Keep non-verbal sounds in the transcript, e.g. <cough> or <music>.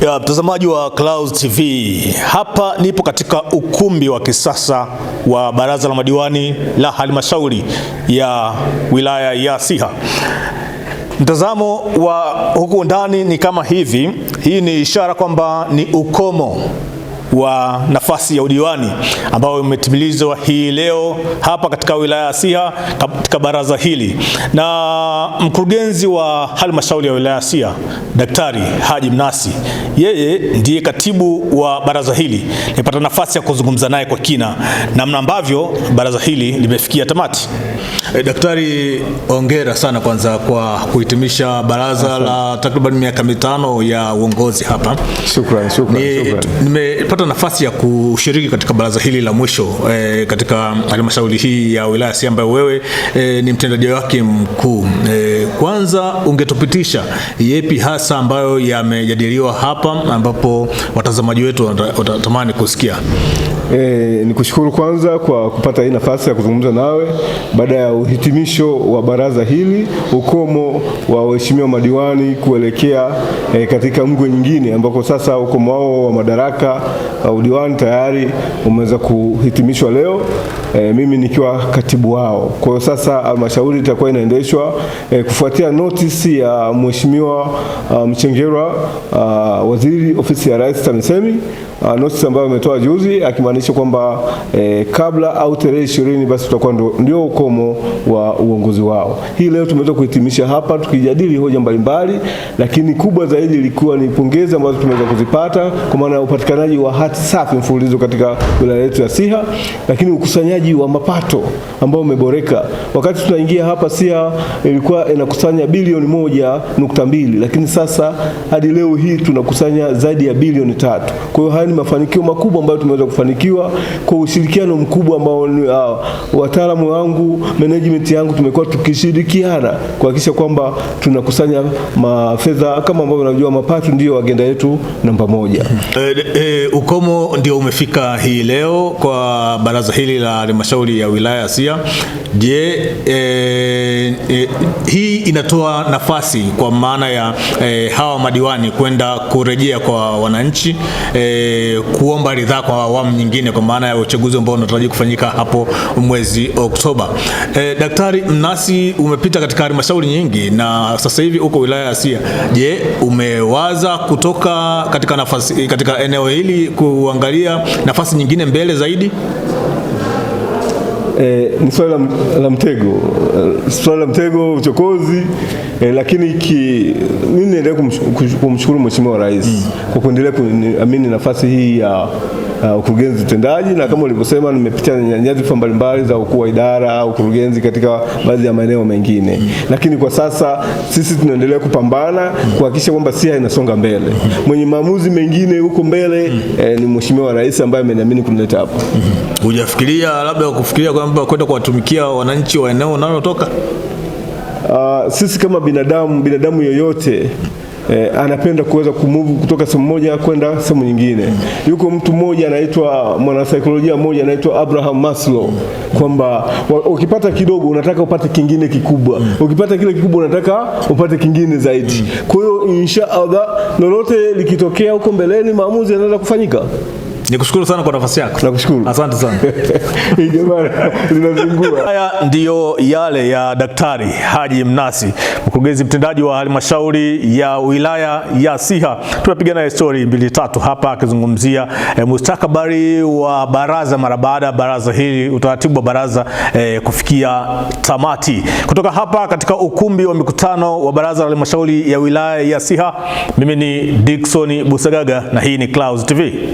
Ya mtazamaji wa Clouds TV, hapa nipo katika ukumbi wa kisasa wa baraza la madiwani la halmashauri ya wilaya ya Siha. Mtazamo wa huku ndani ni kama hivi. Hii ni ishara kwamba ni ukomo wa nafasi ya udiwani ambayo imetimilizwa hii leo hapa katika wilaya ya Siha katika baraza hili, na mkurugenzi wa halmashauri ya wilaya ya Siha Daktari Haji Mnasi, yeye ndiye katibu wa baraza hili. Nipata nafasi ya kuzungumza naye kwa kina namna ambavyo baraza hili limefikia tamati. E, daktari, ongera sana kwanza kwa kuhitimisha baraza la takriban miaka mitano ya uongozi hapa. Shukrani, shukrani. Nimepata nafasi ya kushiriki katika baraza hili la mwisho e, katika halmashauri hii ya wilaya si ambayo wewe e, ni mtendaji wake mkuu e, kwanza ungetupitisha yepi hasa ambayo yamejadiliwa hapa ambapo watazamaji wetu watatamani kusikia? E, ni kushukuru kwanza kwa kupata hii nafasi ya kuzungumza nawe baada ya uhitimisho wa baraza hili, ukomo wa waheshimiwa madiwani kuelekea e, katika mgwe nyingine ambako sasa ukomo wao wa madaraka wa udiwani tayari umeweza kuhitimishwa leo, e, mimi nikiwa katibu wao. Kwa hiyo sasa halmashauri itakuwa inaendeshwa e, kufuatia notisi ya mheshimiwa ah, Mchengerwa, ah, waziri ofisi ya Rais TAMISEMI, ah, notisi ambayo ametoa juzi akimaanisha maanisha kwamba e, kabla au tarehe ishirini basi tutakuwa ndio ukomo wa uongozi wao. Hii leo tumeweza kuhitimisha hapa tukijadili hoja mbalimbali, lakini kubwa zaidi ilikuwa ni pongezi ambazo tumeweza kuzipata kwa maana ya upatikanaji wa hati safi mfululizo katika wilaya yetu ya Siha, lakini ukusanyaji wa mapato ambao umeboreka. Wakati tunaingia hapa Siha ilikuwa inakusanya bilioni moja nukta mbili lakini sasa hadi leo hii tunakusanya zaidi ya bilioni tatu. Kwa hiyo haya ni mafanikio makubwa ambayo tumeweza kufanikiwa tumefanikiwa kwa ushirikiano mkubwa ambao uh, wataalamu wangu management yangu tumekuwa tukishirikiana kuhakikisha kwamba tunakusanya mafedha kama ambavyo unajua, mapato ndiyo agenda yetu namba moja. E, e, ukomo ndio umefika hii leo kwa baraza hili la halmashauri ya wilaya Sia. Je, e, e, hii inatoa nafasi kwa maana ya e, hawa madiwani kwenda kurejea kwa wananchi e, kuomba ridhaa kwa awamu nyingine mwingine kwa maana ya uchaguzi ambao unatarajiwa kufanyika hapo mwezi Oktoba. E, Daktari Mnasi, umepita katika halmashauri nyingi na sasa hivi uko wilaya ya Sia. Je, umewaza kutoka katika nafasi, katika eneo hili kuangalia nafasi nyingine mbele zaidi? Eh, ni swala la mtego, eh, swala la mtego uchokozi Eh, lakini ki, mimi naendelea kumshukuru Mheshimiwa Rais mm. kwa kuendelea kuamini nafasi hii ya uh, Ah, ukurugenzi utendaji na kama ulivyosema, nimepitia nyadhifa mbalimbali za ukuu wa idara au ukurugenzi katika baadhi ya maeneo mengine mm. Lakini kwa sasa sisi tunaendelea kupambana kuhakikisha kwamba SIHA inasonga mbele Mwenye maamuzi mengine huko mbele mm. eh, ni Mheshimiwa Rais ambaye ameniamini kunileta hapa mm-hmm. Hujafikiria labda kufikiria kwamba kwenda kuwatumikia wananchi wa eneo unalotoka? Uh, sisi kama binadamu binadamu yoyote eh, anapenda kuweza kumove kutoka sehemu moja kwenda sehemu nyingine. Yuko mtu mmoja anaitwa mwanasaikolojia mmoja anaitwa Abraham Maslow kwamba ukipata kidogo unataka upate kingine kikubwa, ukipata kile kikubwa unataka upate kingine zaidi. Kwa hiyo inshaallah lolote likitokea huko mbeleni, maamuzi yanaweza kufanyika. Nikushukuru sana kwa nafasi yako. Nakushukuru. Asante sana. <laughs> linazungua. Haya ndiyo yale ya Daktari Haji Mnasi, mkurugenzi mtendaji wa halmashauri ya wilaya ya Siha. Tunapiga naye stori mbili tatu hapa akizungumzia e, mustakabali wa baraza mara baada ya baraza hili, utaratibu wa baraza e, kufikia tamati. Kutoka hapa katika ukumbi wa mikutano wa baraza la halmashauri ya wilaya ya Siha, mimi ni Dickson Busagaga na hii ni Clouds TV.